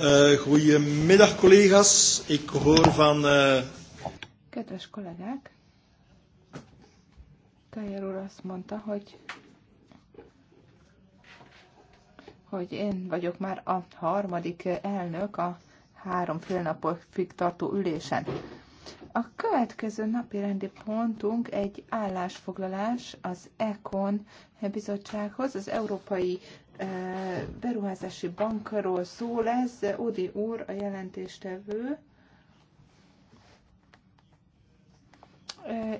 Eh, goedemiddag collega's. Ik hoor van... Uh... Kedves kollégák, Kajer úr azt mondta, hogy hogy én vagyok már a harmadik elnök a három fél napig tartó ülésen. A következő napi rendi pontunk egy állásfoglalás az ECON bizottsághoz, az Európai beruházási bankról szól ez. Odi úr a jelentéstevő.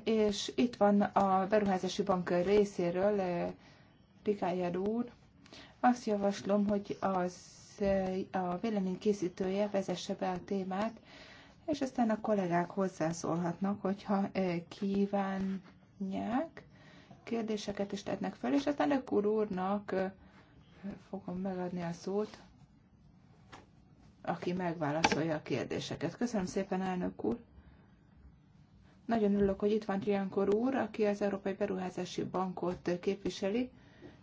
És itt van a beruházási bank részéről Rikájár úr. Azt javaslom, hogy az a véleménykészítője vezesse be a témát, és aztán a kollégák hozzászólhatnak, hogyha kívánják, kérdéseket is tettnek fel, és aztán a úr úrnak fogom megadni a szót, aki megválaszolja a kérdéseket. Köszönöm szépen, elnök úr! Nagyon örülök, hogy itt van Triankor úr, aki az Európai Beruházási Bankot képviseli,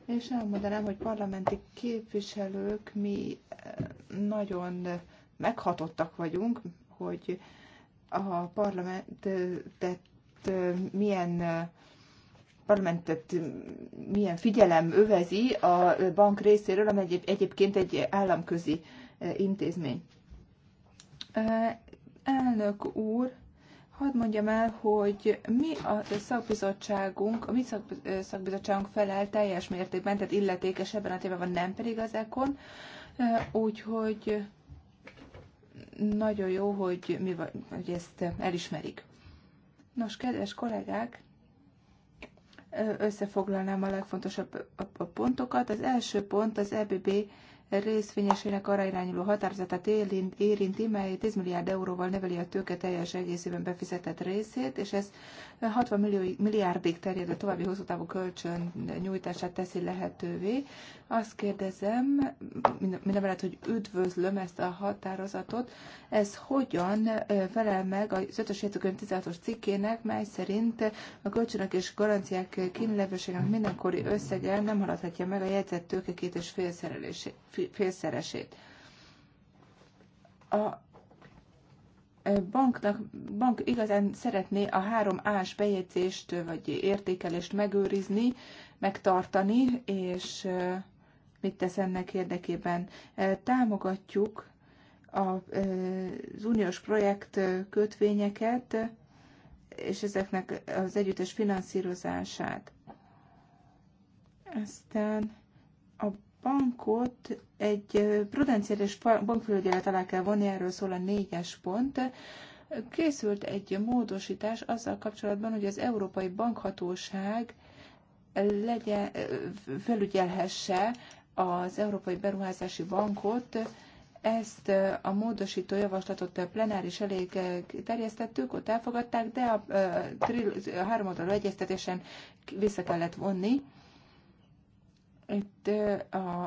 és elmondanám, hogy parlamenti képviselők mi eh, nagyon meghatottak vagyunk, hogy a parlamentet eh, eh, milyen parlamentet mm, milyen figyelem övezi a bank részéről, amely egyébként egy államközi eh, intézmény. Eh, elnök úr, hadd mondjam el, hogy mi a szakbizottságunk, a mi eh, szakbizottságunk felel teljes mértékben, tehát illetékes ebben a témában, nem pedig az ekon, úgyhogy nagyon jó, hogy mi hogy ezt elismerik. Nos, kedves kollégák, összefoglalnám a legfontosabb a pontokat. Az első pont az EBB részvényesének arra irányuló határozatát érinti, mely 10 milliárd euróval növeli a tőke teljes egészében befizetett részét, és ez 60 millió, milliárdig terjedő további hosszútávú kölcsön nyújtását teszi lehetővé. Azt kérdezem, mindemellett, hogy üdvözlöm ezt a határozatot, ez hogyan felel meg a 5-ös jegyzőkönyv 16-os cikkének, mely szerint a kölcsönök és garanciák kínlevőségnek mindenkori összege nem haladhatja meg a jegyzett tőke két és félszerelését félszeresét. A e, banknak, bank igazán szeretné a három ás bejegyzést vagy értékelést megőrizni, megtartani, és e, mit tesz ennek érdekében? E, támogatjuk az uniós projekt kötvényeket, és ezeknek az együttes finanszírozását. Aztán a bankot egy prudenciális bankfelügyelet alá kell vonni, erről szól a négyes pont. Készült egy módosítás azzal kapcsolatban, hogy az Európai Bankhatóság legyen, felügyelhesse az Európai Beruházási Bankot, ezt a módosító javaslatot a plenáris elég terjesztettük, ott elfogadták, de a, a, a háromoldalú egyeztetésen vissza kellett vonni. Itt a,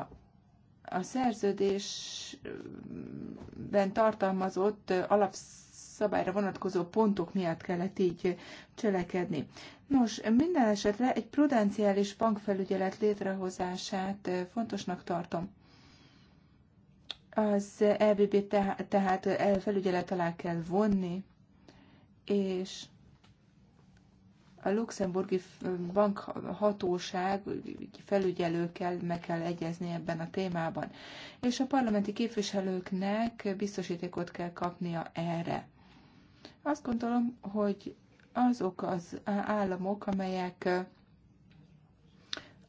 a szerződésben tartalmazott alapszabályra vonatkozó pontok miatt kellett így cselekedni. Nos, minden esetre egy prudenciális bankfelügyelet létrehozását fontosnak tartom. Az EBB tehát felügyelet alá kell vonni, és a luxemburgi bankhatóság felügyelőkkel meg kell egyezni ebben a témában, és a parlamenti képviselőknek biztosítékot kell kapnia erre. Azt gondolom, hogy azok az államok, amelyek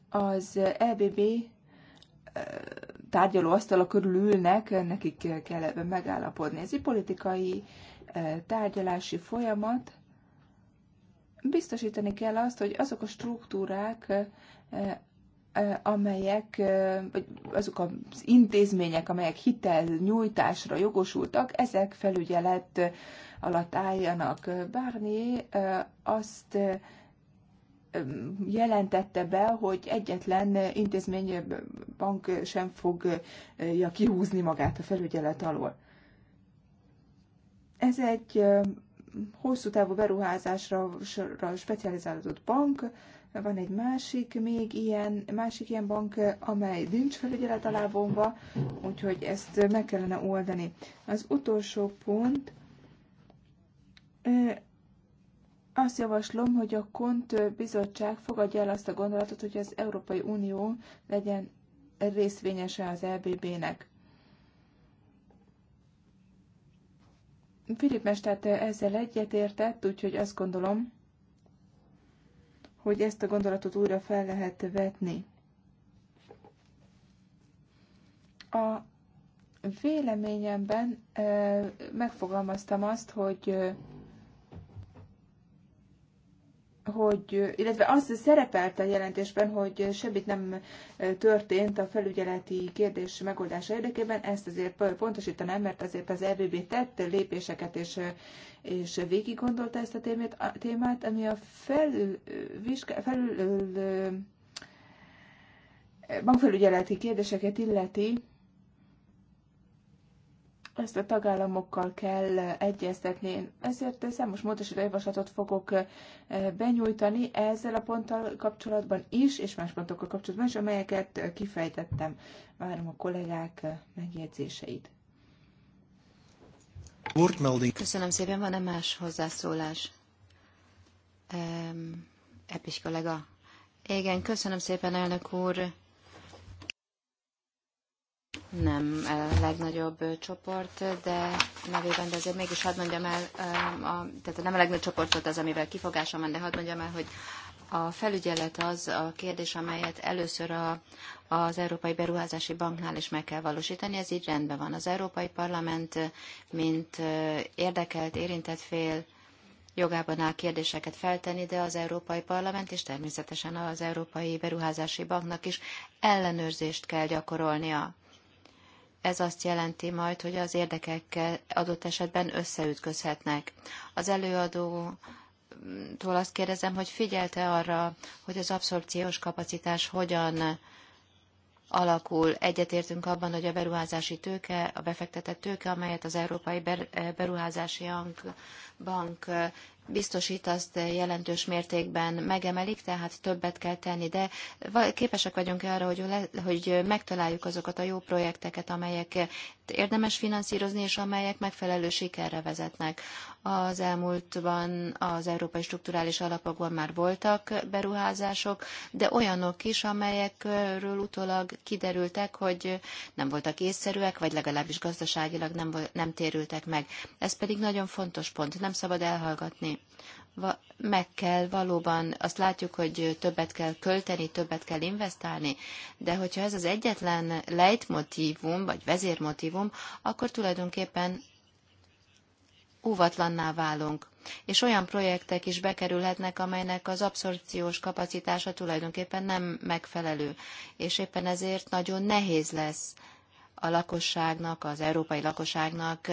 az EBB asztala körül ülnek, nekik kell ebben megállapodni. Ez egy politikai tárgyalási folyamat, Biztosítani kell azt, hogy azok a struktúrák, eh, eh, amelyek, eh, vagy azok az intézmények, amelyek hitel nyújtásra jogosultak, ezek felügyelet alatt álljanak. Bárni azt jelentette be, hogy egyetlen intézmény bank sem fogja kihúzni magát a felügyelet alól. Ez egy hosszú távú beruházásra specializálódott bank, van egy másik, még ilyen, másik ilyen bank, amely nincs felügyelet alá vonva, úgyhogy ezt meg kellene oldani. Az utolsó pont, azt javaslom, hogy a KONT bizottság fogadja el azt a gondolatot, hogy az Európai Unió legyen részvényese az lbb e nek Filip Mestát ezzel egyetértett, úgyhogy azt gondolom, hogy ezt a gondolatot újra fel lehet vetni. A véleményemben eh, megfogalmaztam azt, hogy eh, hogy, illetve az szerepelt a jelentésben, hogy semmit nem történt a felügyeleti kérdés megoldása érdekében, ezt azért pontosítanám, mert azért az RBB tett lépéseket és, és végig gondolta ezt a témát, a témát ami a felül, vizsgá, felül bankfelügyeleti kérdéseket illeti, ezt a tagállamokkal kell egyeztetni. Én ezért számos módosító javaslatot fogok eh, benyújtani ezzel a ponttal kapcsolatban is, és más pontokkal kapcsolatban is, amelyeket eh, kifejtettem. Várom a kollégák eh, megjegyzéseit. Köszönöm szépen, van-e más hozzászólás? Um, Epis kollega. Igen, köszönöm szépen, elnök úr nem a legnagyobb csoport, de nevében, de azért mégis hadd mondjam el, a, tehát nem a legnagyobb csoportot az, amivel kifogásom van, de hadd mondjam el, hogy a felügyelet az a kérdés, amelyet először a, az Európai Beruházási Banknál is meg kell valósítani, ez így rendben van. Az Európai Parlament, mint érdekelt, érintett fél, jogában áll kérdéseket feltenni, de az Európai Parlament és természetesen az Európai Beruházási Banknak is ellenőrzést kell gyakorolnia ez azt jelenti majd, hogy az érdekekkel adott esetben összeütközhetnek. Az előadó tól azt kérdezem, hogy figyelte arra, hogy az abszorpciós kapacitás hogyan alakul. Egyetértünk abban, hogy a beruházási tőke, a befektetett tőke, amelyet az Európai Beruházási Bank biztosít, azt jelentős mértékben megemelik, tehát többet kell tenni, de képesek vagyunk arra, hogy, le, hogy megtaláljuk azokat a jó projekteket, amelyek érdemes finanszírozni, és amelyek megfelelő sikerre vezetnek. Az elmúltban az európai strukturális alapokban már voltak beruházások, de olyanok is, amelyekről utólag kiderültek, hogy nem voltak észszerűek, vagy legalábbis gazdaságilag nem, nem térültek meg. Ez pedig nagyon fontos pont, nem szabad elhallgatni va Meg kell valóban, azt látjuk, hogy többet kell költeni, többet kell investálni, de hogyha ez az egyetlen lejtmotívum, vagy vezérmotívum, akkor tulajdonképpen óvatlanná válunk. És olyan projektek is bekerülhetnek, amelynek az abszorpciós kapacitása tulajdonképpen nem megfelelő, és éppen ezért nagyon nehéz lesz a lakosságnak, az európai lakosságnak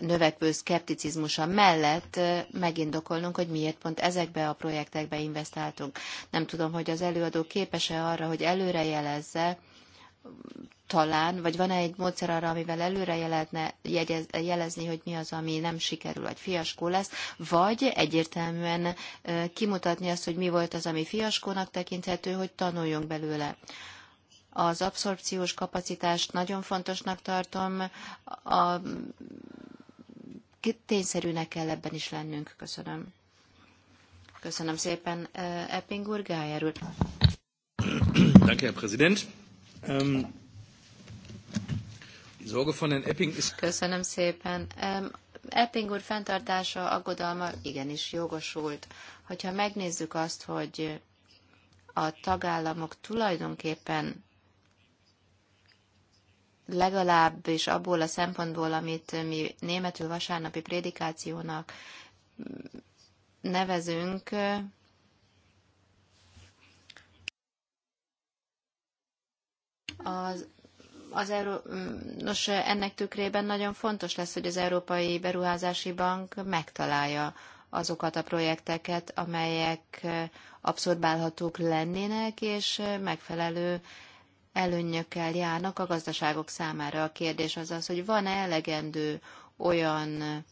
növekvő szkepticizmusa mellett megindokolnunk, hogy miért pont ezekbe a projektekbe investáltunk. Nem tudom, hogy az előadó képes-e arra, hogy előrejelezze, talán, vagy van-e egy módszer arra, amivel előre jeletne, jegyez, jelezni, hogy mi az, ami nem sikerül, vagy fiaskó lesz, vagy egyértelműen kimutatni azt, hogy mi volt az, ami fiaskónak tekinthető, hogy tanuljunk belőle. Az abszorpciós kapacitást nagyon fontosnak tartom, a tényszerűnek kell ebben is lennünk. Köszönöm. Köszönöm szépen, eh, Epping úr, Gájer úr. Danke, Herr Präsident. Um, die Sorge von Herrn Epping ist... Köszönöm szépen. Um, Epping úr fenntartása, aggodalma igenis jogosult. Hogyha megnézzük azt, hogy a tagállamok tulajdonképpen legalábbis abból a szempontból, amit mi németül vasárnapi prédikációnak nevezünk, az az Euró... Nos, ennek tükrében nagyon fontos lesz, hogy az Európai Beruházási Bank megtalálja azokat a projekteket, amelyek abszorbálhatók lennének, és megfelelő előnyökkel járnak a gazdaságok számára. A kérdés az az, hogy van-e elegendő olyan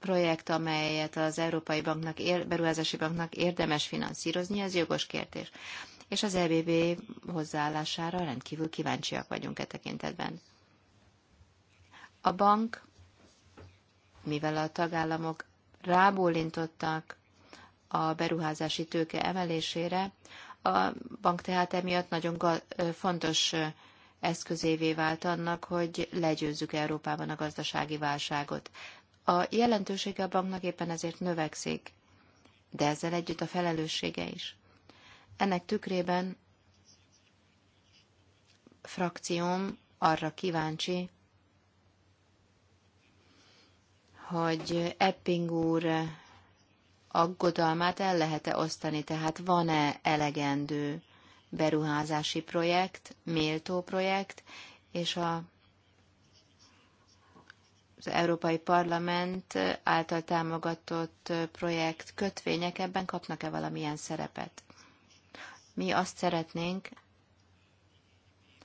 projekt, amelyet az Európai Banknak, Beruházási Banknak érdemes finanszírozni, ez jogos kérdés. És az EBB hozzáállására rendkívül kíváncsiak vagyunk e tekintetben. A bank, mivel a tagállamok rábólintottak a beruházási tőke emelésére, a bank tehát emiatt nagyon fontos eszközévé vált annak, hogy legyőzzük Európában a gazdasági válságot. A jelentősége a banknak éppen ezért növekszik, de ezzel együtt a felelőssége is. Ennek tükrében frakcióm arra kíváncsi, hogy Epping úr aggodalmát el lehet-e osztani, tehát van-e elegendő beruházási projekt, méltó projekt, és a, az Európai Parlament által támogatott projekt kötvények ebben kapnak-e valamilyen szerepet? Mi azt szeretnénk,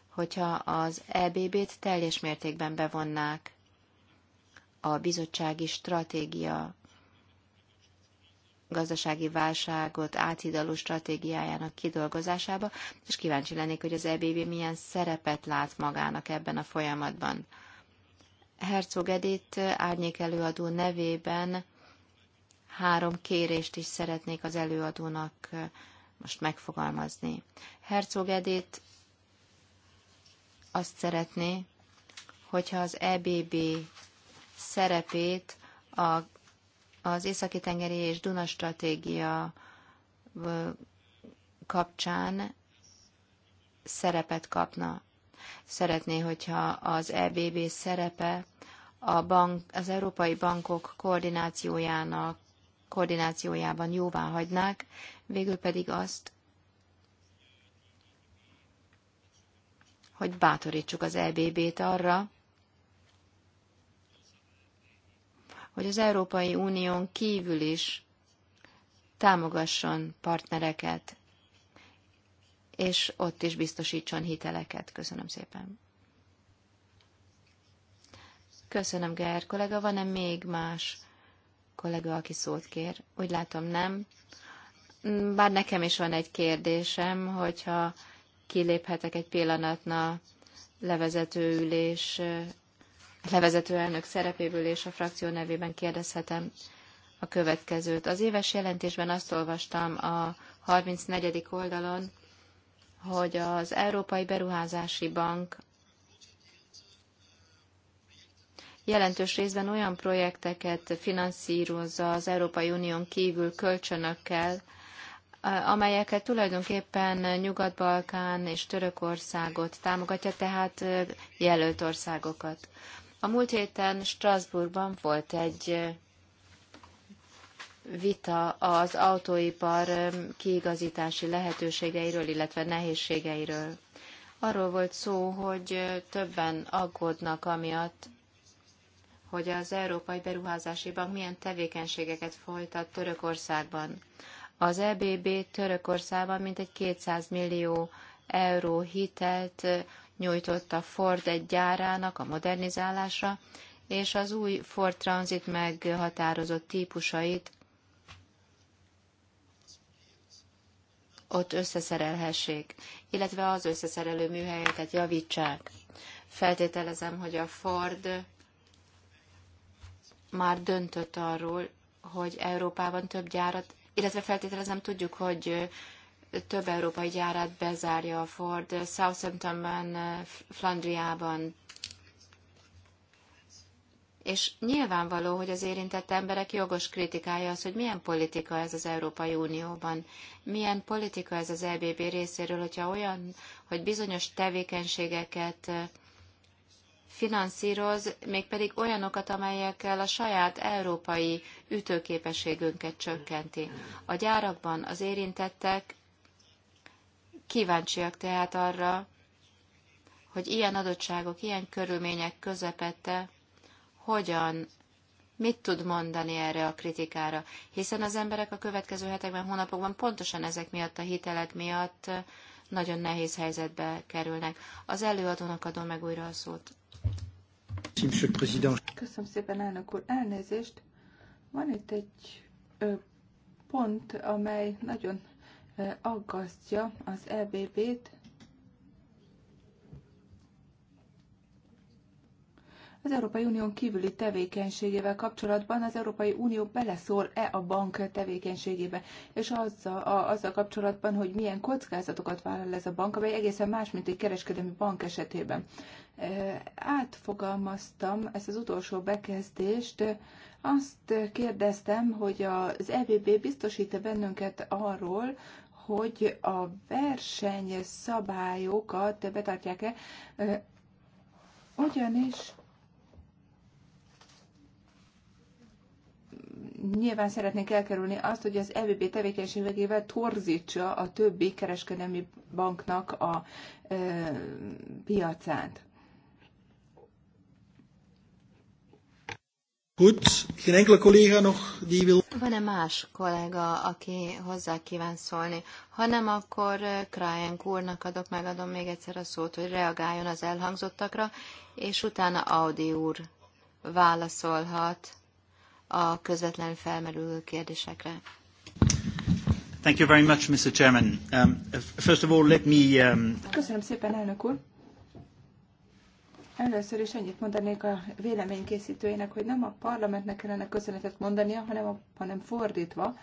hogyha az EBB-t teljes mértékben bevonnák a bizottsági stratégia gazdasági válságot áthidaló stratégiájának kidolgozásába, és kíváncsi lennék, hogy az EBB milyen szerepet lát magának ebben a folyamatban. Herzog Edith árnyék előadó nevében három kérést is szeretnék az előadónak most megfogalmazni. Herzog Edith azt szeretné, hogyha az EBB szerepét a az Északi-tengeri és Duna stratégia kapcsán szerepet kapna. Szeretné, hogyha az EBB szerepe a bank, az európai bankok koordinációjának, koordinációjában jóvá hagynák, végül pedig azt, hogy bátorítsuk az EBB-t arra, hogy az Európai Unión kívül is támogasson partnereket, és ott is biztosítson hiteleket. Köszönöm szépen. Köszönöm, Ger kollega. Van-e még más kollega, aki szót kér? Úgy látom, nem. Bár nekem is van egy kérdésem, hogyha kiléphetek egy pillanatna levezetőülés levezető elnök szerepéből és a frakció nevében kérdezhetem a következőt. Az éves jelentésben azt olvastam a 34. oldalon, hogy az Európai Beruházási Bank jelentős részben olyan projekteket finanszírozza az Európai Unión kívül kölcsönökkel, amelyeket tulajdonképpen Nyugat-Balkán és Törökországot támogatja, tehát jelölt országokat. A múlt héten Strasbourgban volt egy vita az autóipar kiigazítási lehetőségeiről, illetve nehézségeiről. Arról volt szó, hogy többen aggódnak amiatt, hogy az Európai Beruházási Bank milyen tevékenységeket folytat Törökországban. Az EBB Törökországban mintegy 200 millió euró hitelt nyújtott a Ford egy gyárának a modernizálása és az új Ford Transit meghatározott típusait ott összeszerelhessék, illetve az összeszerelő műhelyeket javítsák. Feltételezem, hogy a Ford már döntött arról, hogy Európában több gyárat, illetve feltételezem tudjuk, hogy több európai gyárát bezárja a Ford, Southamptonban, Flandriában. És nyilvánvaló, hogy az érintett emberek jogos kritikája az, hogy milyen politika ez az Európai Unióban, milyen politika ez az EBB részéről, hogyha olyan, hogy bizonyos tevékenységeket finanszíroz, mégpedig olyanokat, amelyekkel a saját európai ütőképességünket csökkenti. A gyárakban az érintettek Kíváncsiak tehát arra, hogy ilyen adottságok, ilyen körülmények közepette hogyan, mit tud mondani erre a kritikára, hiszen az emberek a következő hetekben, hónapokban pontosan ezek miatt, a hitelek miatt nagyon nehéz helyzetbe kerülnek. Az előadónak adom meg újra a szót. Köszönöm szépen, elnök úr. Elnézést. Van itt egy ö, pont, amely nagyon aggasztja az EBB-t. Az Európai Unión kívüli tevékenységével kapcsolatban az Európai Unió beleszól-e a bank tevékenységébe, és azzal, a, azzal kapcsolatban, hogy milyen kockázatokat vállal ez a bank, amely egészen más, mint egy kereskedelmi bank esetében. Átfogalmaztam ezt az utolsó bekezdést, azt kérdeztem, hogy az EBB biztosít-e bennünket arról, hogy a versenyszabályokat betartják-e, ugyanis nyilván szeretnénk elkerülni azt, hogy az EBB tevékenységével torzítsa a többi kereskedelmi banknak a piacát. Goed, geen enkele collega nog die wil... Van-e más kollega, aki hozzá kíván szólni? Ha nem, akkor Krajenk eh, úrnak adok, megadom még egyszer a szót, hogy reagáljon az elhangzottakra, és utána Audi úr válaszolhat a közvetlenül felmerülő kérdésekre. Thank you very much, Mr. Chairman. Um, first of all, let me... Um... Köszönöm szépen, elnök úr. Először is annyit mondanék a véleménykészítőinek, hogy nem a parlamentnek kellene köszönetet mondania, hanem, a, hanem fordítva.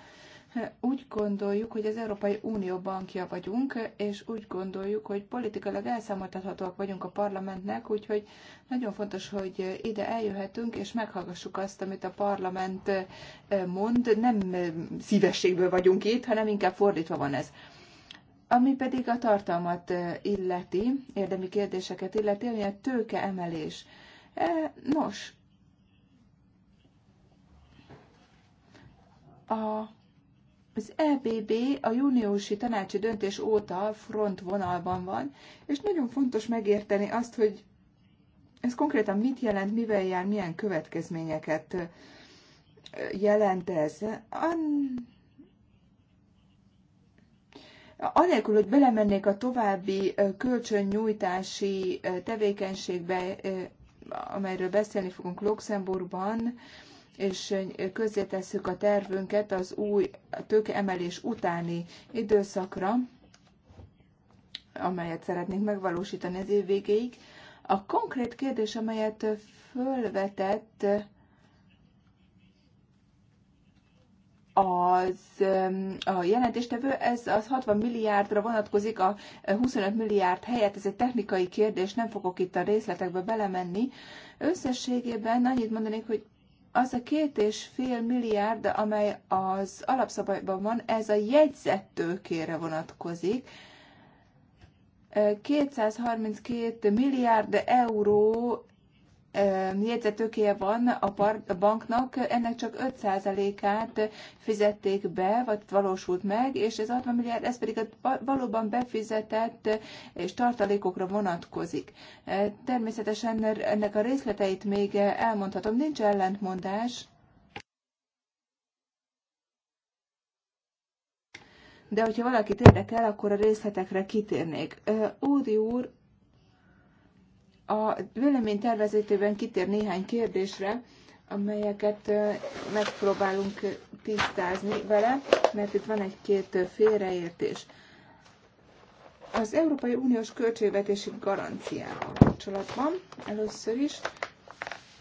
Úgy gondoljuk, hogy az Európai Unió bankja vagyunk, és úgy gondoljuk, hogy politikailag elszámoltathatóak vagyunk a parlamentnek, úgyhogy nagyon fontos, hogy ide eljöhetünk, és meghallgassuk azt, amit a parlament mond. Nem szívességből vagyunk itt, hanem inkább fordítva van ez. Ami pedig a tartalmat illeti, érdemi kérdéseket illeti, ami a tőke emelés. E, nos, a, az EBB a júniusi tanácsi döntés óta front vonalban van, és nagyon fontos megérteni azt, hogy ez konkrétan mit jelent, mivel jár, milyen következményeket jelent ez. An anélkül, hogy belemennék a további kölcsönnyújtási tevékenységbe, amelyről beszélni fogunk Luxemburgban, és közzétesszük a tervünket az új tőkeemelés utáni időszakra, amelyet szeretnénk megvalósítani az év végéig. A konkrét kérdés, amelyet fölvetett az a jelentéstevő, ez az 60 milliárdra vonatkozik a 25 milliárd helyett, ez egy technikai kérdés, nem fogok itt a részletekbe belemenni. Összességében annyit mondanék, hogy az a két és fél milliárd, amely az alapszabályban van, ez a jegyzettőkére vonatkozik. 232 milliárd euró jegyzetőkéje van a banknak, ennek csak 5%-át fizették be, vagy valósult meg, és ez 60 milliárd, ez pedig a valóban befizetett és tartalékokra vonatkozik. Természetesen ennek a részleteit még elmondhatom, nincs ellentmondás, de hogyha valakit érdekel, akkor a részletekre kitérnék. Úri úr a vélemény tervezetében kitér néhány kérdésre, amelyeket megpróbálunk tisztázni vele, mert itt van egy-két félreértés. Az Európai Uniós költségvetési garanciával kapcsolatban először is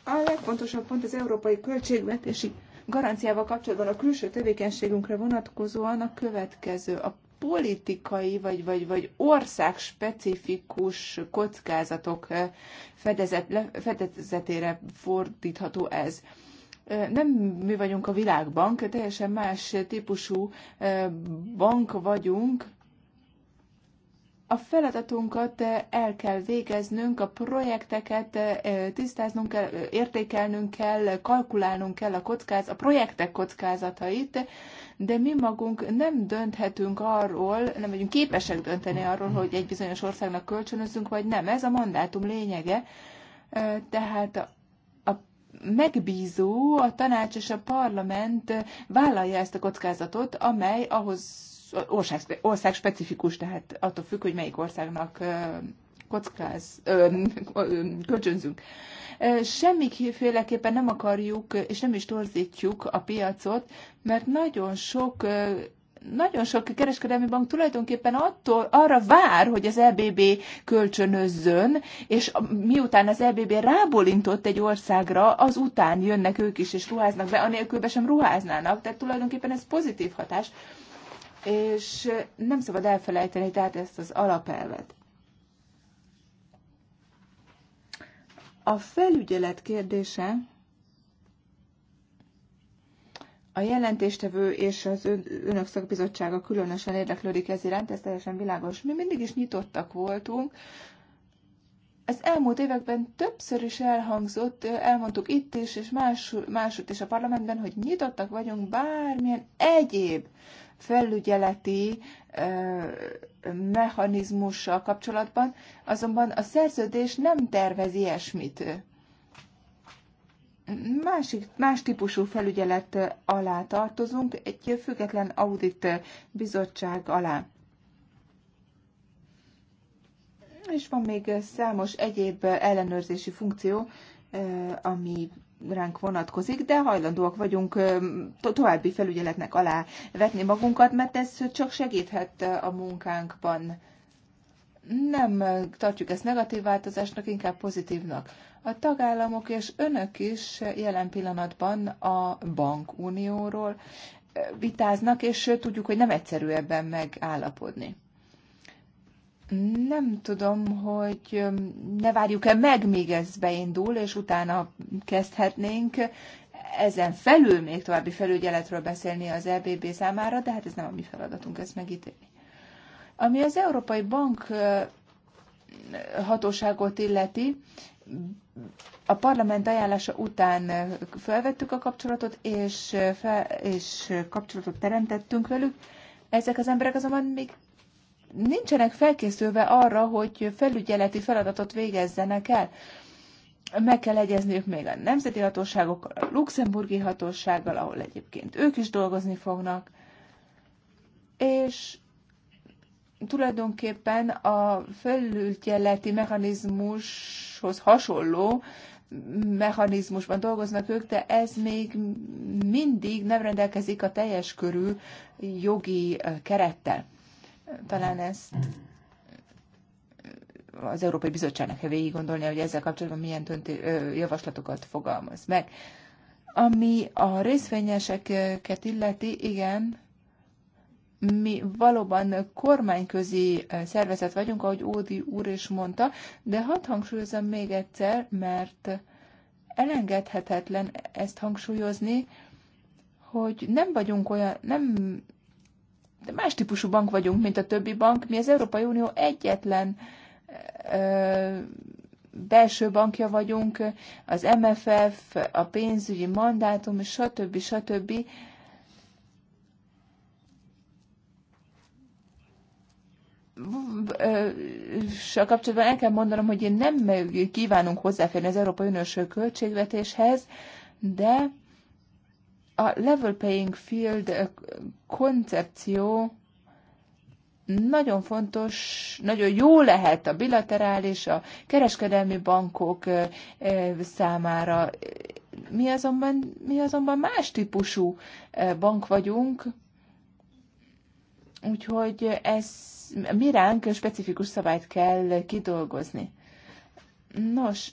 a legfontosabb pont az európai költségvetési garanciával kapcsolatban a külső tevékenységünkre vonatkozóan a következő. A politikai vagy, vagy, vagy országspecifikus kockázatok eh, fedezet, fedezetére fordítható ez. Eh, nem mi vagyunk a világbank, teljesen más típusú eh, bank vagyunk, a feladatunkat eh, el kell végeznünk, a projekteket eh, eh, tisztáznunk kell, értékelnünk kell, kalkulálnunk kell a, kockáz, a projektek kockázatait, de mi magunk nem dönthetünk arról, nem vagyunk képesek dönteni arról, hogy egy bizonyos országnak kölcsönözzünk, vagy nem. Ez a mandátum lényege. Tehát megbízó, a tanács és a parlament vállalja ezt a kockázatot, amely ahhoz ország, ország specifikus, tehát attól függ, hogy melyik országnak kockáz, kölcsönzünk. Semmiféleképpen nem akarjuk, és nem is torzítjuk a piacot, mert nagyon sok nagyon sok kereskedelmi bank tulajdonképpen attól arra vár, hogy az EBB kölcsönözzön, és miután az EBB rábólintott egy országra, az után jönnek ők is és ruháznak be, anélkül be sem ruháznának, tehát tulajdonképpen ez pozitív hatás és nem szabad elfelejteni tehát ezt az alapelvet. A felügyelet kérdése a jelentéstevő és az önök szakbizottsága különösen érdeklődik ez iránt, ez teljesen világos. Mi mindig is nyitottak voltunk. Ez elmúlt években többször is elhangzott, elmondtuk itt is, és más, másút is a parlamentben, hogy nyitottak vagyunk bármilyen egyéb felügyeleti mechanizmussal kapcsolatban, azonban a szerződés nem tervez ilyesmit. Másik, más típusú felügyelet alá tartozunk, egy független audit bizottság alá. És van még számos egyéb ellenőrzési funkció, ami ránk vonatkozik, de hajlandóak vagyunk további felügyeletnek alá vetni magunkat, mert ez csak segíthet a munkánkban. Nem tartjuk ezt negatív változásnak, inkább pozitívnak. A tagállamok és önök is jelen pillanatban a bankunióról vitáznak, és tudjuk, hogy nem egyszerű ebben megállapodni. Nem tudom, hogy ne várjuk-e meg, még ez beindul, és utána kezdhetnénk ezen felül még további felügyeletről beszélni az EBB számára, de hát ez nem a mi feladatunk ezt megítélni. Ami az Európai Bank hatóságot illeti, a parlament ajánlása után felvettük a kapcsolatot, és, fel, és kapcsolatot teremtettünk velük. Ezek az emberek azonban még nincsenek felkészülve arra, hogy felügyeleti feladatot végezzenek el. Meg kell egyezniük még a nemzeti hatóságokkal, a luxemburgi hatósággal, ahol egyébként ők is dolgozni fognak. És tulajdonképpen a felügyeleti mechanizmushoz hasonló mechanizmusban dolgoznak ők, de ez még mindig nem rendelkezik a teljes körű jogi kerettel. Talán ezt az Európai Bizottságnak kell végig gondolnia, hogy ezzel kapcsolatban milyen dönti, javaslatokat fogalmaz meg. Ami a részvényeseket illeti, igen, mi valóban kormányközi szervezet vagyunk, ahogy Ódi úr is mondta, de hadd hangsúlyozom még egyszer, mert elengedhetetlen ezt hangsúlyozni, hogy nem vagyunk olyan, nem de más típusú bank vagyunk, mint a többi bank. Mi az Európai Unió egyetlen ö, belső bankja vagyunk, az MFF, a pénzügyi mandátum, stb. stb. a kapcsolatban el kell mondanom, hogy én nem kívánunk hozzáférni az Európai Uniós költségvetéshez, de a level playing field eh, koncepció nagyon fontos, nagyon jó lehet a bilaterális, a kereskedelmi bankok eh, eh, számára. Mi azonban, mi azonban más típusú bank vagyunk, úgyhogy ez mi ránk specifikus szabályt kell kidolgozni. Nos,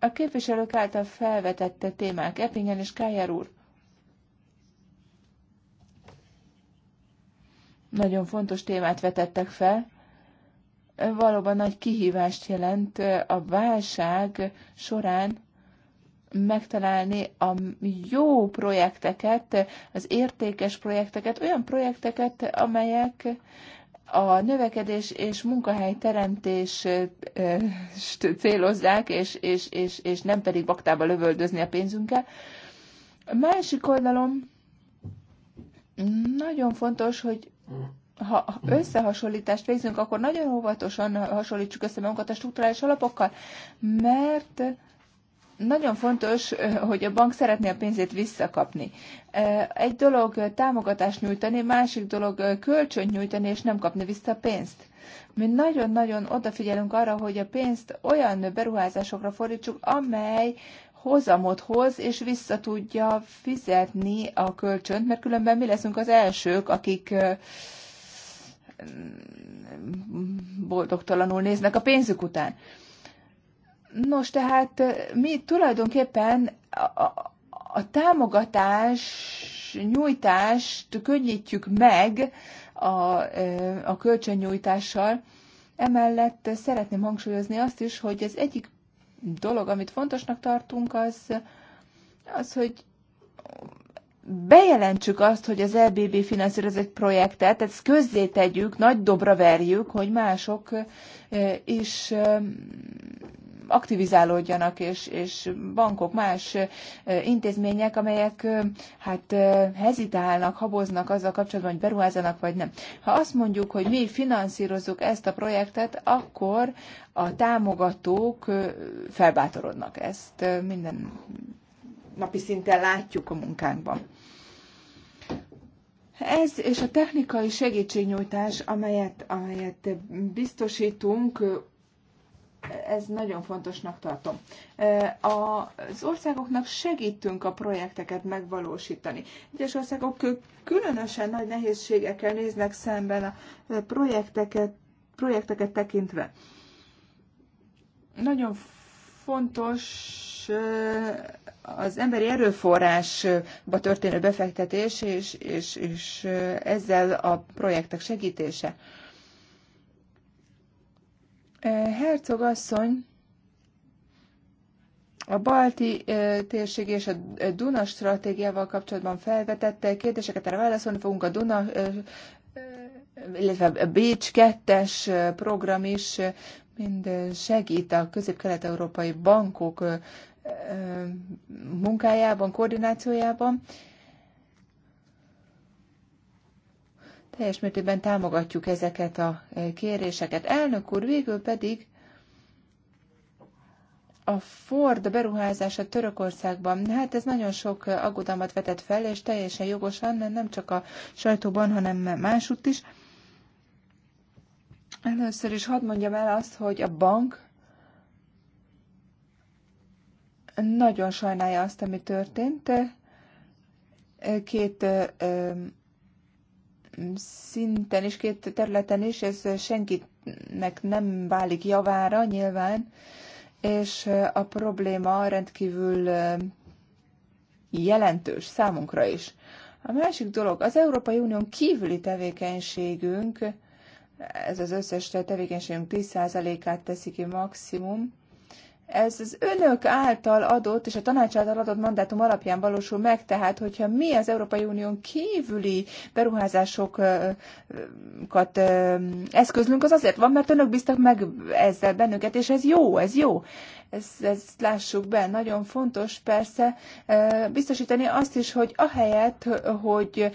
a képviselők által felvetette témák, Eppingen és Kájár úr, nagyon fontos témát vetettek fel. Valóban nagy kihívást jelent a válság során megtalálni a jó projekteket, az értékes projekteket, olyan projekteket, amelyek a növekedés és munkahely teremtés célozzák, és, és, és, és nem pedig baktába lövöldözni a pénzünkkel. A másik oldalom nagyon fontos, hogy ha összehasonlítást végzünk, akkor nagyon óvatosan hasonlítsuk össze magunkat a struktúrális alapokkal, mert nagyon fontos, hogy a bank szeretné a pénzét visszakapni. Egy dolog támogatást nyújtani, másik dolog kölcsönt nyújtani, és nem kapni vissza a pénzt. Mi nagyon-nagyon odafigyelünk arra, hogy a pénzt olyan beruházásokra fordítsuk, amely hozamot hoz, és vissza tudja fizetni a kölcsönt, mert különben mi leszünk az elsők, akik boldogtalanul néznek a pénzük után. Nos, tehát mi tulajdonképpen a, a, a támogatás nyújtást könnyítjük meg a, a kölcsönnyújtással. Emellett szeretném hangsúlyozni azt is, hogy az egyik dolog, amit fontosnak tartunk, az, az hogy bejelentsük azt, hogy az LBB e finanszíroz egy projektet, ezt közzé tegyük, nagy dobra verjük, hogy mások is aktivizálódjanak, és, és bankok, más intézmények, amelyek hát hezitálnak, haboznak azzal kapcsolatban, hogy beruházanak vagy nem. Ha azt mondjuk, hogy mi finanszírozzuk ezt a projektet, akkor a támogatók felbátorodnak. Ezt minden napi szinten látjuk a munkánkban. Ez és a technikai segítségnyújtás, amelyet, amelyet biztosítunk, ez nagyon fontosnak tartom. Az országoknak segítünk a projekteket megvalósítani. Egyes országok különösen nagy nehézségekkel néznek szemben a projekteket, projekteket tekintve. Nagyon fontos az emberi erőforrásba történő befektetés, és, és, és ezzel a projektek segítése. Herzog asszony a balti térség és a Duna stratégiával kapcsolatban felvetette kérdéseket, erre válaszolni fogunk a Duna illetve a Bécs 2-es program is mind segít a közép-kelet-európai bankok munkájában, koordinációjában, teljes mértékben támogatjuk ezeket a e, kéréseket. Elnök úr, végül pedig a Ford beruházása Törökországban, hát ez nagyon sok aggodalmat vetett fel, és teljesen jogosan, nem csak a sajtóban, hanem másutt is. Először is hadd mondjam el azt, hogy a bank nagyon sajnálja azt, ami történt. Két szinten is, két területen is, ez senkinek nem válik javára nyilván, és a probléma rendkívül jelentős számunkra is. A másik dolog, az Európai Unión kívüli tevékenységünk, ez az összes tevékenységünk 10%-át teszi ki maximum, ez az önök által adott és a tanács által adott mandátum alapján valósul meg, tehát hogyha mi az Európai Unión kívüli beruházásokat eszközlünk, az azért van, mert önök bíztak meg ezzel bennünket, és ez jó, ez jó. Ezt, ezt lássuk be, nagyon fontos persze biztosítani azt is, hogy ahelyett, hogy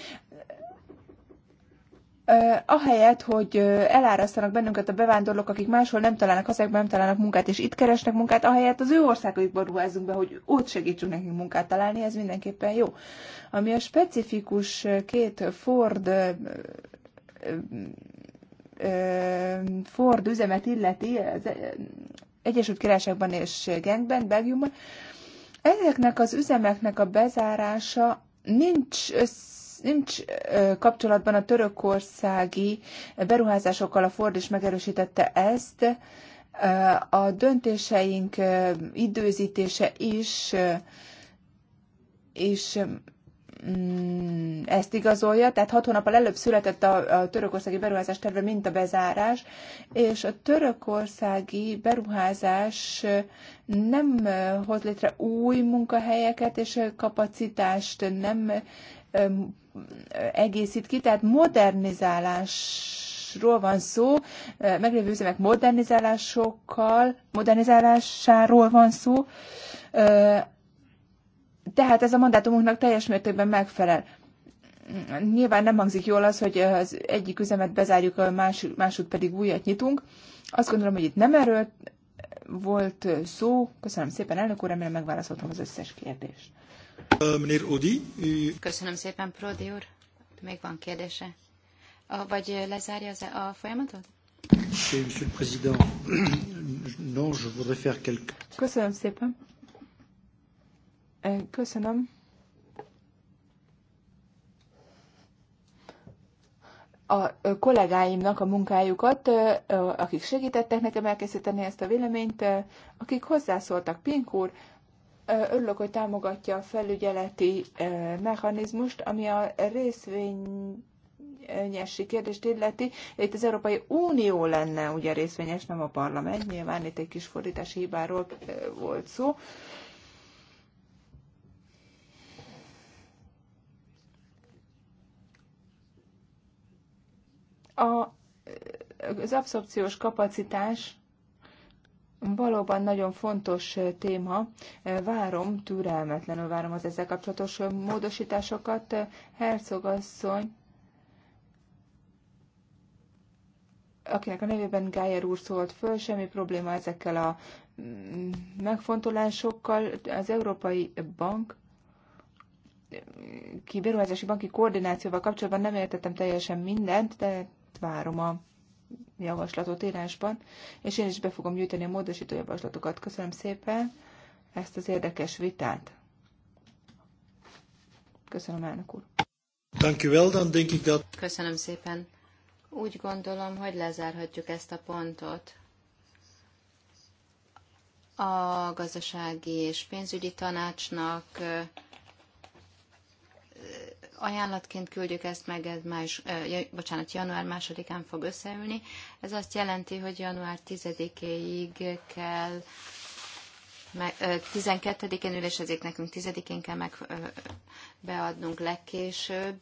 ahelyett, hogy elárasztanak bennünket a bevándorlók, akik máshol nem találnak hazákban, nem találnak munkát, és itt keresnek munkát, ahelyett az ő országaikba ruházunk be, hogy ott segítsünk nekünk munkát találni, ez mindenképpen jó. Ami a specifikus két Ford Ford üzemet illeti, az Egyesült Királyságban és Genkben, Belgiumban, ezeknek az üzemeknek a bezárása nincs össze nincs kapcsolatban a törökországi beruházásokkal, a Ford is megerősítette ezt, a döntéseink időzítése is, és mm, ezt igazolja, tehát hat hónap előbb született a, a törökországi beruházás terve, mint a bezárás, és a törökországi beruházás nem hoz létre új munkahelyeket és kapacitást, nem egészít ki, tehát modernizálásról van szó, meglévő üzemek modernizálásokkal, modernizálásáról van szó, tehát ez a mandátumunknak teljes mértékben megfelel. Nyilván nem hangzik jól az, hogy az egyik üzemet bezárjuk, a másik, másik pedig újat nyitunk. Azt gondolom, hogy itt nem erről volt szó. Köszönöm szépen, elnök úr, remélem megválaszoltam az összes kérdést. Meneer Odi. Köszönöm szépen, Prodi úr. Még van kérdése? A, vagy lezárja az a folyamatot? Köszönöm szépen. Eh, köszönöm. a kollégáimnak a munkájukat, akik segítettek nekem elkészíteni ezt a véleményt, akik hozzászóltak, Pink úr, Örülök, hogy támogatja a felügyeleti mechanizmust, ami a részvény nyersi kérdést illeti. Itt az Európai Unió lenne ugye részvényes, nem a parlament. Nyilván itt egy kis fordítási hibáról volt szó. A, az abszorpciós kapacitás Valóban nagyon fontos téma. Várom, türelmetlenül várom az ezzel kapcsolatos módosításokat. Hercogasszony, akinek a nevében Gájer úr szólt föl, semmi probléma ezekkel a mm, megfontolásokkal. Az Európai Bank kiberuházási banki koordinációval kapcsolatban nem értettem teljesen mindent, de várom a javaslatot írásban, és én is be fogom gyűjteni a módosító javaslatokat. Köszönöm szépen ezt az érdekes vitát. Köszönöm, elnök úr. Köszönöm szépen. Úgy gondolom, hogy lezárhatjuk ezt a pontot. A gazdasági és pénzügyi tanácsnak ajánlatként küldjük ezt meg, ez május, bocsánat, január másodikán fog összeülni. Ez azt jelenti, hogy január 10-éig kell 12-én ülésezik nekünk, 10-én kell meg beadnunk legkésőbb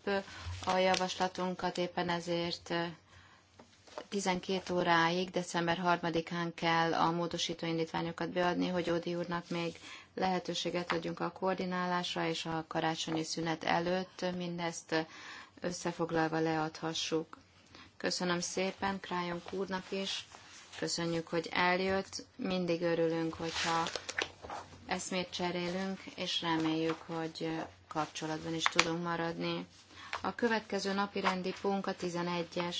a javaslatunkat, éppen ezért 12 óráig, december 3-án kell a módosító indítványokat beadni, hogy Ódi úrnak még lehetőséget adjunk a koordinálásra, és a karácsonyi szünet előtt mindezt összefoglalva leadhassuk. Köszönöm szépen Krájon úrnak is, köszönjük, hogy eljött, mindig örülünk, hogyha eszmét cserélünk, és reméljük, hogy kapcsolatban is tudunk maradni. A következő napi rendi pont a 11-es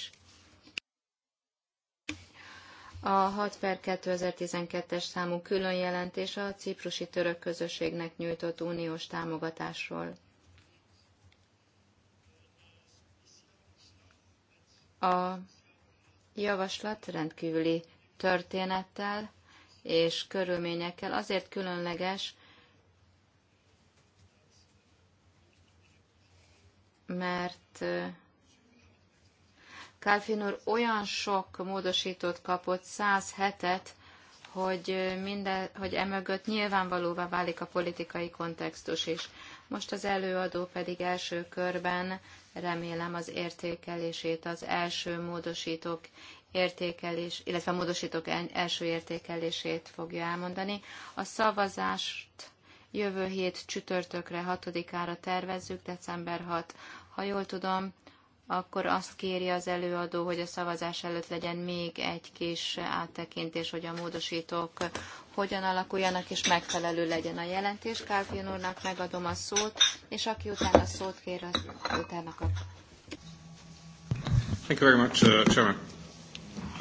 a 6 per 2012-es számú külön jelentés a ciprusi török közösségnek nyújtott uniós támogatásról. A javaslat rendkívüli történettel és körülményekkel azért különleges, mert Kálfin úr olyan sok módosítót kapott, 107-et, hogy, minden, hogy emögött nyilvánvalóvá válik a politikai kontextus is. Most az előadó pedig első körben remélem az értékelését, az első módosítók értékelés, illetve a módosítók első értékelését fogja elmondani. A szavazást jövő hét csütörtökre, 6-ára tervezzük, december 6. Ha jól tudom, akkor azt kéri az előadó, hogy a szavazás előtt legyen még egy kis áttekintés, hogy a módosítók hogyan alakuljanak, és megfelelő legyen a jelentés. Kálfin úrnak megadom a szót, és aki utána a szót kér, az utána kap. Thank you very much, uh,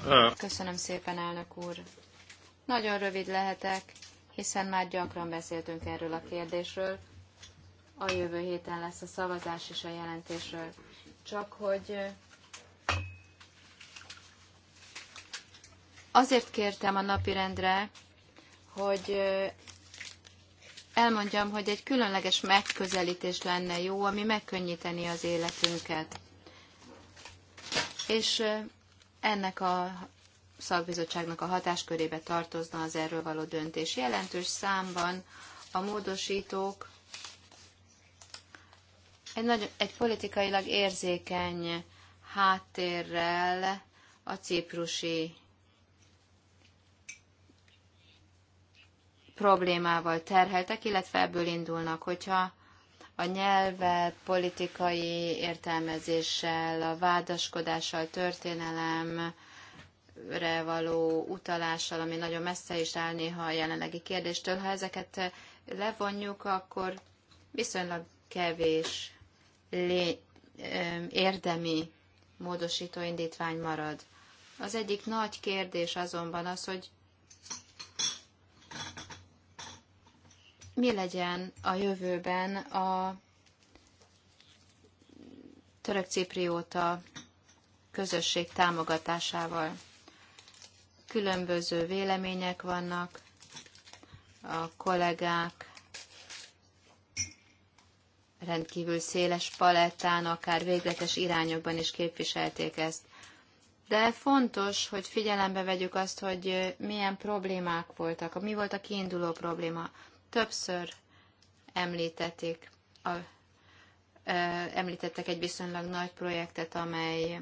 Uh... Köszönöm szépen, elnök úr. Nagyon rövid lehetek, hiszen már gyakran beszéltünk erről a kérdésről. A jövő héten lesz a szavazás és a jelentésről csak hogy azért kértem a napirendre, hogy elmondjam, hogy egy különleges megközelítés lenne jó, ami megkönnyíteni az életünket. És ennek a szakbizottságnak a hatáskörébe tartozna az erről való döntés. Jelentős számban a módosítók egy, nagy, egy politikailag érzékeny háttérrel a ciprusi problémával terheltek, illetve ebből indulnak, hogyha a nyelvvel, politikai értelmezéssel, a vádaskodással, történelemre való utalással, ami nagyon messze is áll néha a jelenlegi kérdéstől, ha ezeket levonjuk, akkor viszonylag kevés lé, érdemi módosító indítvány marad. Az egyik nagy kérdés azonban az, hogy mi legyen a jövőben a török ciprióta közösség támogatásával. Különböző vélemények vannak, a kollégák rendkívül széles palettán, akár végletes irányokban is képviselték ezt. De fontos, hogy figyelembe vegyük azt, hogy milyen problémák voltak, mi volt a kiinduló probléma. Többször említették, a, említettek egy viszonylag nagy projektet, amely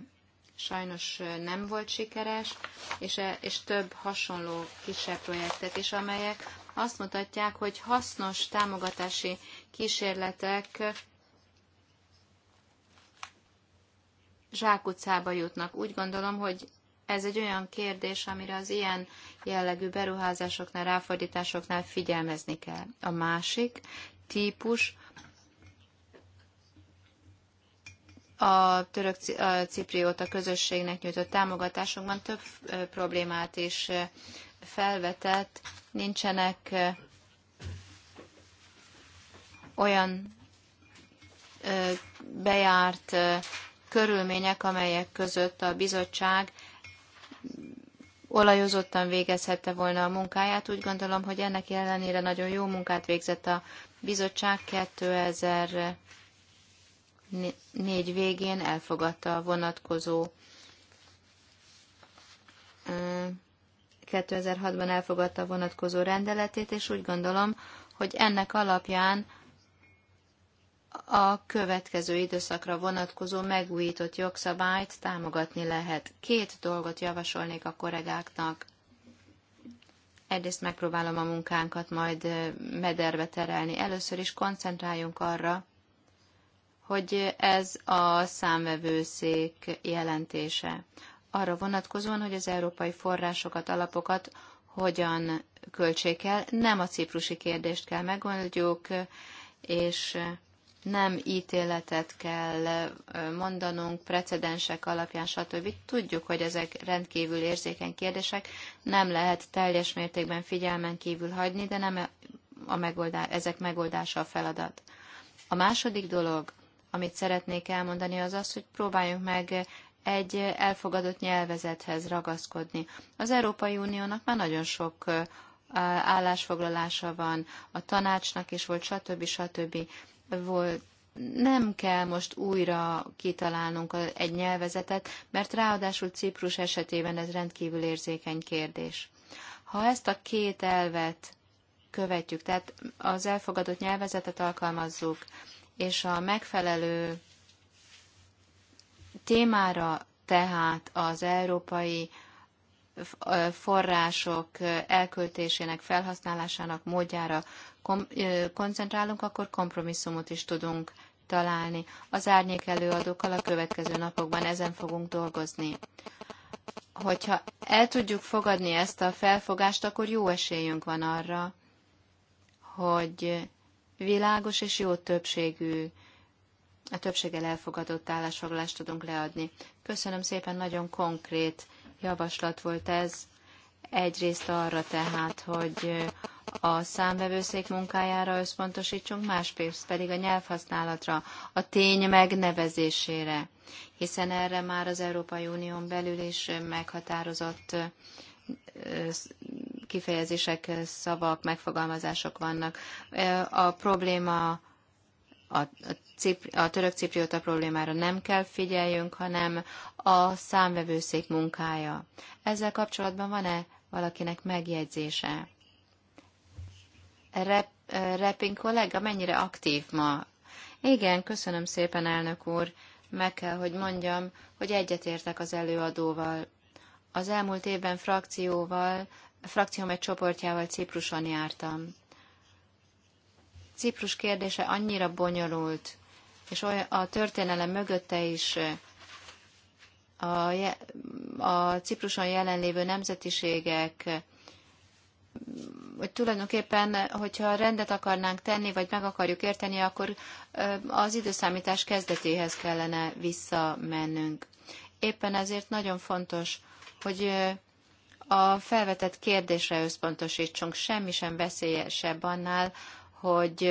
sajnos nem volt sikeres, és, e, és több hasonló kisebb projektet is, amelyek azt mutatják, hogy hasznos támogatási kísérletek zsákutcába jutnak. Úgy gondolom, hogy ez egy olyan kérdés, amire az ilyen jellegű beruházásoknál, ráfordításoknál figyelmezni kell. A másik típus a török ciprióta közösségnek nyújtott támogatásokban több problémát is felvetett, nincsenek olyan bejárt körülmények, amelyek között a bizottság olajozottan végezhette volna a munkáját. Úgy gondolom, hogy ennek ellenére nagyon jó munkát végzett a bizottság 2004 végén elfogadta a vonatkozó 2006-ban elfogadta a vonatkozó rendeletét, és úgy gondolom, hogy ennek alapján a következő időszakra vonatkozó megújított jogszabályt támogatni lehet. Két dolgot javasolnék a kollégáknak. Egyrészt megpróbálom a munkánkat majd mederbe terelni. Először is koncentráljunk arra, hogy ez a számvevőszék jelentése arra vonatkozóan, hogy az európai forrásokat, alapokat hogyan költsék el. Nem a ciprusi kérdést kell megoldjuk, és nem ítéletet kell mondanunk, precedensek alapján, stb. Tudjuk, hogy ezek rendkívül érzékeny kérdések, nem lehet teljes mértékben figyelmen kívül hagyni, de nem e- a megoldás, ezek megoldása a feladat. A második dolog, amit szeretnék elmondani, az az, hogy próbáljunk meg egy elfogadott nyelvezethez ragaszkodni. Az Európai Uniónak már nagyon sok állásfoglalása van, a tanácsnak is volt, stb. stb. volt. Nem kell most újra kitalálnunk egy nyelvezetet, mert ráadásul Ciprus esetében ez rendkívül érzékeny kérdés. Ha ezt a két elvet követjük, tehát az elfogadott nyelvezetet alkalmazzuk, és a megfelelő témára tehát az európai források elköltésének, felhasználásának módjára koncentrálunk, akkor kompromisszumot is tudunk találni. Az árnyék előadókkal a következő napokban ezen fogunk dolgozni. Hogyha el tudjuk fogadni ezt a felfogást, akkor jó esélyünk van arra, hogy világos és jó többségű a többséggel elfogadott állásfoglalást tudunk leadni. Köszönöm szépen, nagyon konkrét javaslat volt ez. Egyrészt arra tehát, hogy a számvevőszék munkájára összpontosítsunk, másrészt pedig a nyelvhasználatra, a tény megnevezésére, hiszen erre már az Európai Unión belül is meghatározott kifejezések, szavak, megfogalmazások vannak. A probléma a a török cipriota problémára nem kell figyeljünk, hanem a számvevőszék munkája. Ezzel kapcsolatban van-e valakinek megjegyzése? Rep, Repping kollega mennyire aktív ma? Igen, köszönöm szépen, elnök úr. Meg kell, hogy mondjam, hogy egyetértek az előadóval. Az elmúlt évben frakcióval, frakcióm egy csoportjával Cipruson jártam. Ciprus kérdése annyira bonyolult, és a történelem mögötte is a, a Cipruson jelenlévő nemzetiségek, hogy tulajdonképpen, hogyha rendet akarnánk tenni, vagy meg akarjuk érteni, akkor az időszámítás kezdetéhez kellene visszamennünk. Éppen ezért nagyon fontos, hogy a felvetett kérdésre összpontosítsunk. Semmi sem veszélyesebb annál, hogy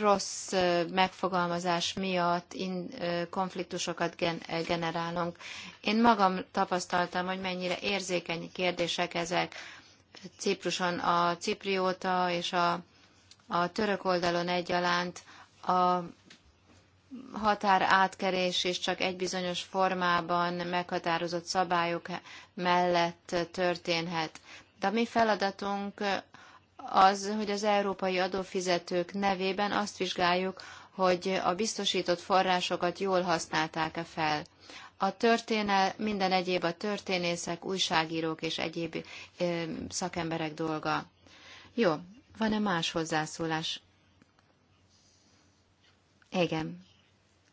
rossz megfogalmazás miatt in, konfliktusokat generálunk. Én magam tapasztaltam, hogy mennyire érzékeny kérdések ezek Cipruson a ciprióta és a, a török oldalon egyaránt a határ átkerés és csak egy bizonyos formában meghatározott szabályok mellett történhet. De a mi feladatunk az, hogy az európai adófizetők nevében azt vizsgáljuk, hogy a biztosított forrásokat jól használták-e fel. A történel, minden egyéb a történészek, újságírók és egyéb ö, szakemberek dolga. Jó, van-e más hozzászólás? Igen.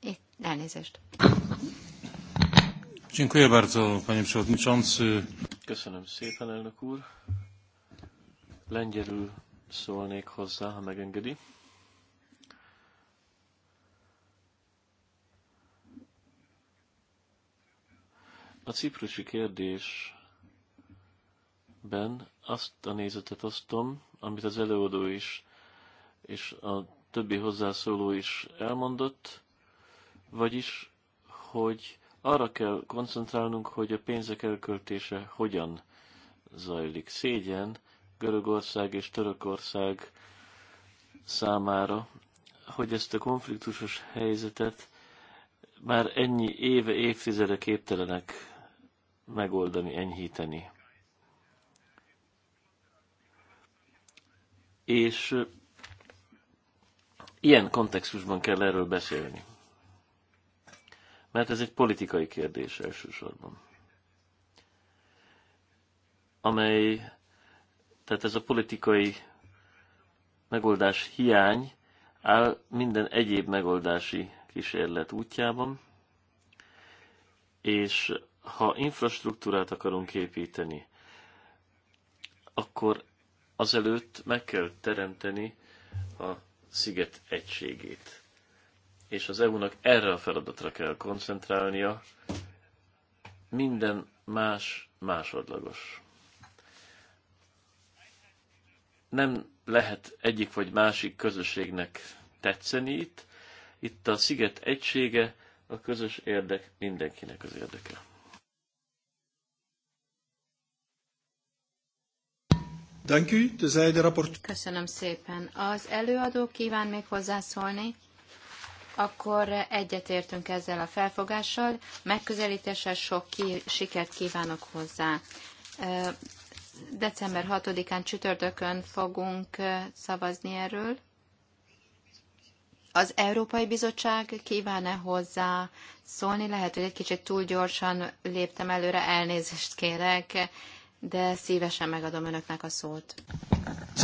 Itt, elnézést. Dziękuję bardzo, panie przewodniczący. Köszönöm szépen, elnök úr. Lengyelül szólnék hozzá, ha megengedi. A ciprusi kérdésben azt a nézetet osztom, amit az előadó is és a többi hozzászóló is elmondott, vagyis, hogy arra kell koncentrálnunk, hogy a pénzek elköltése hogyan zajlik. Szégyen, Görögország és Törökország számára, hogy ezt a konfliktusos helyzetet már ennyi éve, évtizedek képtelenek megoldani, enyhíteni. És ilyen kontextusban kell erről beszélni. Mert ez egy politikai kérdés elsősorban, amely tehát ez a politikai megoldás hiány áll minden egyéb megoldási kísérlet útjában, és ha infrastruktúrát akarunk építeni, akkor azelőtt meg kell teremteni a sziget egységét. És az EU-nak erre a feladatra kell koncentrálnia, minden más másodlagos. nem lehet egyik vagy másik közösségnek tetszeni itt. Itt a sziget egysége, a közös érdek mindenkinek az érdeke. Köszönöm szépen. Az előadó kíván még hozzászólni? Akkor egyetértünk ezzel a felfogással, megközelítéssel sok ki, sikert kívánok hozzá december 6-án csütörtökön fogunk szavazni erről. Az Európai Bizottság kíván-e hozzá szólni? Lehet, hogy egy kicsit túl gyorsan léptem előre, elnézést kérek, de szívesen megadom önöknek a szót.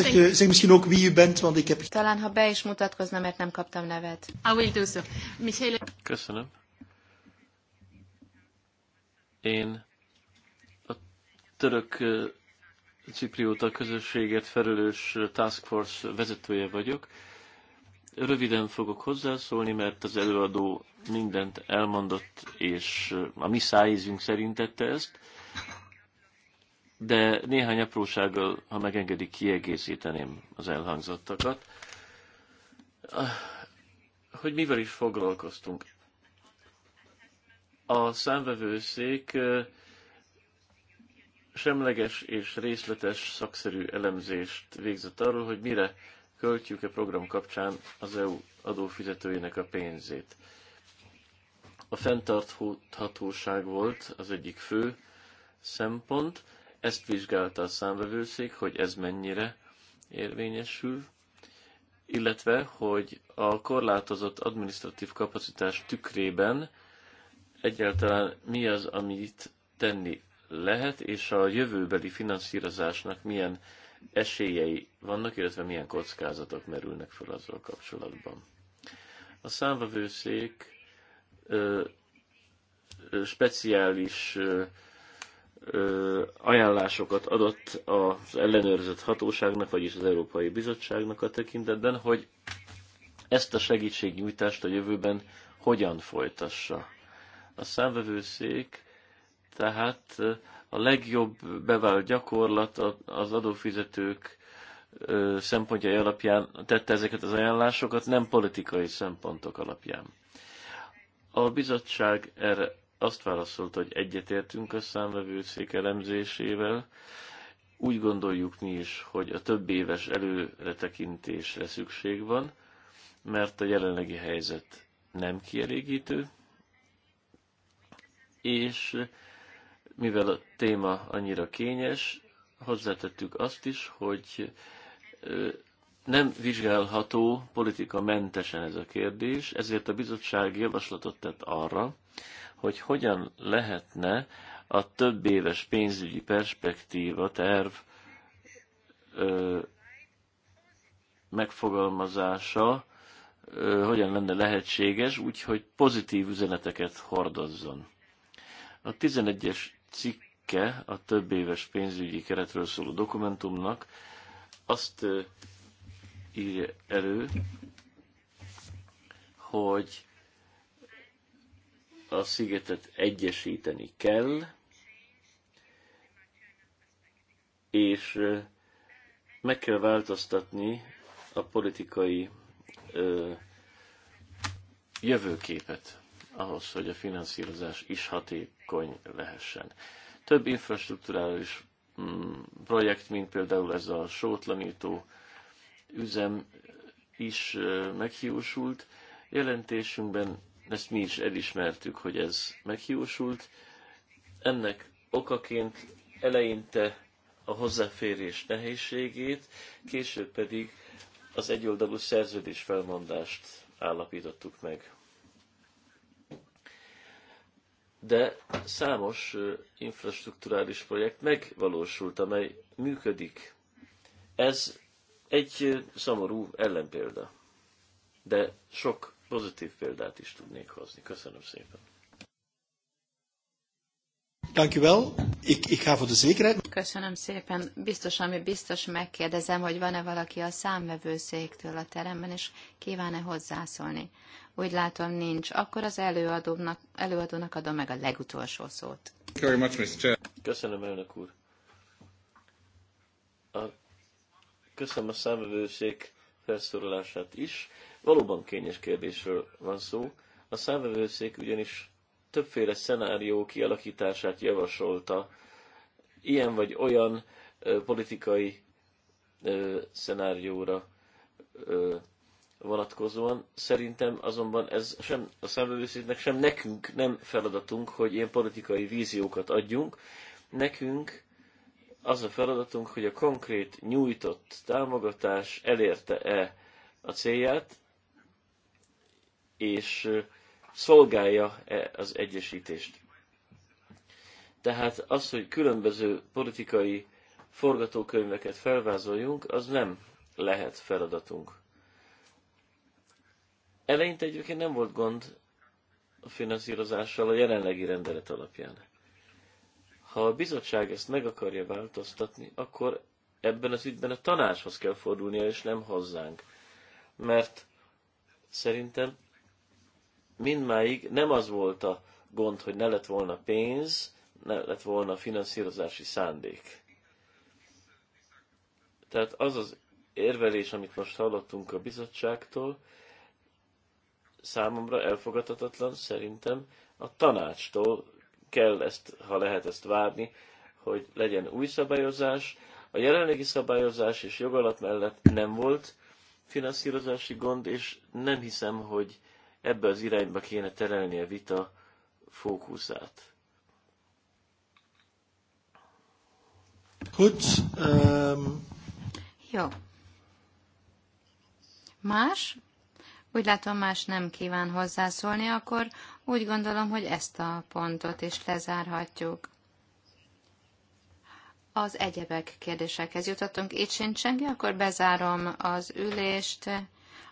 Eh, Talán, ha be is mutatkozna, mert nem kaptam nevet. will Köszönöm. Én a török eh, cipriota közösséget felelős Task Force vezetője vagyok. Röviden fogok hozzászólni, mert az előadó mindent elmondott, és a mi szájízünk szerint tette ezt, de néhány aprósággal, ha megengedik, kiegészíteném az elhangzottakat. Hogy mivel is foglalkoztunk? A számvevőszék semleges és részletes szakszerű elemzést végzett arról, hogy mire költjük a program kapcsán az EU adófizetőinek a pénzét. A fenntarthatóság volt az egyik fő szempont, ezt vizsgálta a számvevőszék, hogy ez mennyire érvényesül, illetve, hogy a korlátozott administratív kapacitás tükrében egyáltalán mi az, amit tenni lehet, és a jövőbeli finanszírozásnak milyen esélyei vannak, illetve milyen kockázatok merülnek fel azzal kapcsolatban. A számvevőszék ö, speciális ö, ö, ajánlásokat adott az ellenőrzött hatóságnak, vagyis az Európai Bizottságnak a tekintetben, hogy ezt a segítségnyújtást a jövőben hogyan folytassa. A számvevőszék tehát a legjobb bevált gyakorlat az adófizetők szempontjai alapján tette ezeket az ajánlásokat, nem politikai szempontok alapján. A bizottság erre azt válaszolta, hogy egyetértünk a számvevőszék elemzésével. Úgy gondoljuk mi is, hogy a több éves előretekintésre szükség van, mert a jelenlegi helyzet nem kielégítő, és mivel a téma annyira kényes, hozzátettük azt is, hogy nem vizsgálható politika mentesen ez a kérdés, ezért a bizottság javaslatot tett arra, hogy hogyan lehetne a több éves pénzügyi perspektíva terv ö, megfogalmazása ö, hogyan lenne lehetséges, úgyhogy pozitív üzeneteket hordozzon. A 11-es cikke a több éves pénzügyi keretről szóló dokumentumnak azt írja elő, hogy a szigetet egyesíteni kell, és meg kell változtatni a politikai jövőképet ahhoz, hogy a finanszírozás is hatékony lehessen. Több infrastruktúrális mm, projekt, mint például ez a sótlanító üzem is meghiúsult. Jelentésünkben ezt mi is elismertük, hogy ez meghiúsult. Ennek okaként eleinte a hozzáférés nehézségét, később pedig az egyoldalú szerződés felmondást állapítottuk meg de számos infrastruktúrális projekt megvalósult, amely működik. Ez egy szomorú ellenpélda, de sok pozitív példát is tudnék hozni. Köszönöm szépen. Dank u wel. Ik, ik ga voor de zekerheid. Köszönöm szépen. Biztos, ami biztos megkérdezem, hogy van-e valaki a számvevőszéktől a teremben, és kíván-e hozzászólni. Úgy látom, nincs. Akkor az előadónak, előadónak adom meg a legutolsó szót. Köszönöm, elnök úr. A, köszönöm a számvevőszék felszorulását is. Valóban kényes kérdésről van szó. A számvevőszék ugyanis többféle szenárió kialakítását javasolta ilyen vagy olyan politikai szenárióra vonatkozóan. Szerintem azonban ez sem a számvevőszéknek, sem nekünk nem feladatunk, hogy ilyen politikai víziókat adjunk. Nekünk az a feladatunk, hogy a konkrét nyújtott támogatás elérte-e a célját, és szolgálja-e az egyesítést. Tehát az, hogy különböző politikai forgatókönyveket felvázoljunk, az nem lehet feladatunk. Eleinte egyébként nem volt gond a finanszírozással a jelenlegi rendelet alapján. Ha a bizottság ezt meg akarja változtatni, akkor ebben az ügyben a tanácshoz kell fordulnia, és nem hozzánk. Mert szerintem mindmáig nem az volt a gond, hogy ne lett volna pénz, ne lett volna finanszírozási szándék. Tehát az az érvelés, amit most hallottunk a bizottságtól, számomra elfogadhatatlan, szerintem a tanácstól kell ezt, ha lehet ezt várni, hogy legyen új szabályozás. A jelenlegi szabályozás és jogalat mellett nem volt finanszírozási gond, és nem hiszem, hogy ebbe az irányba kéne terelni a vita fókuszát. Gut. Um... Jó. Más? Úgy látom, más nem kíván hozzászólni, akkor úgy gondolom, hogy ezt a pontot is lezárhatjuk. Az egyebek kérdésekhez jutottunk. Itt sincs senki, akkor bezárom az ülést.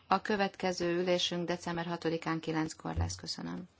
A következő ülésünk december 6-án 9-kor lesz. Köszönöm.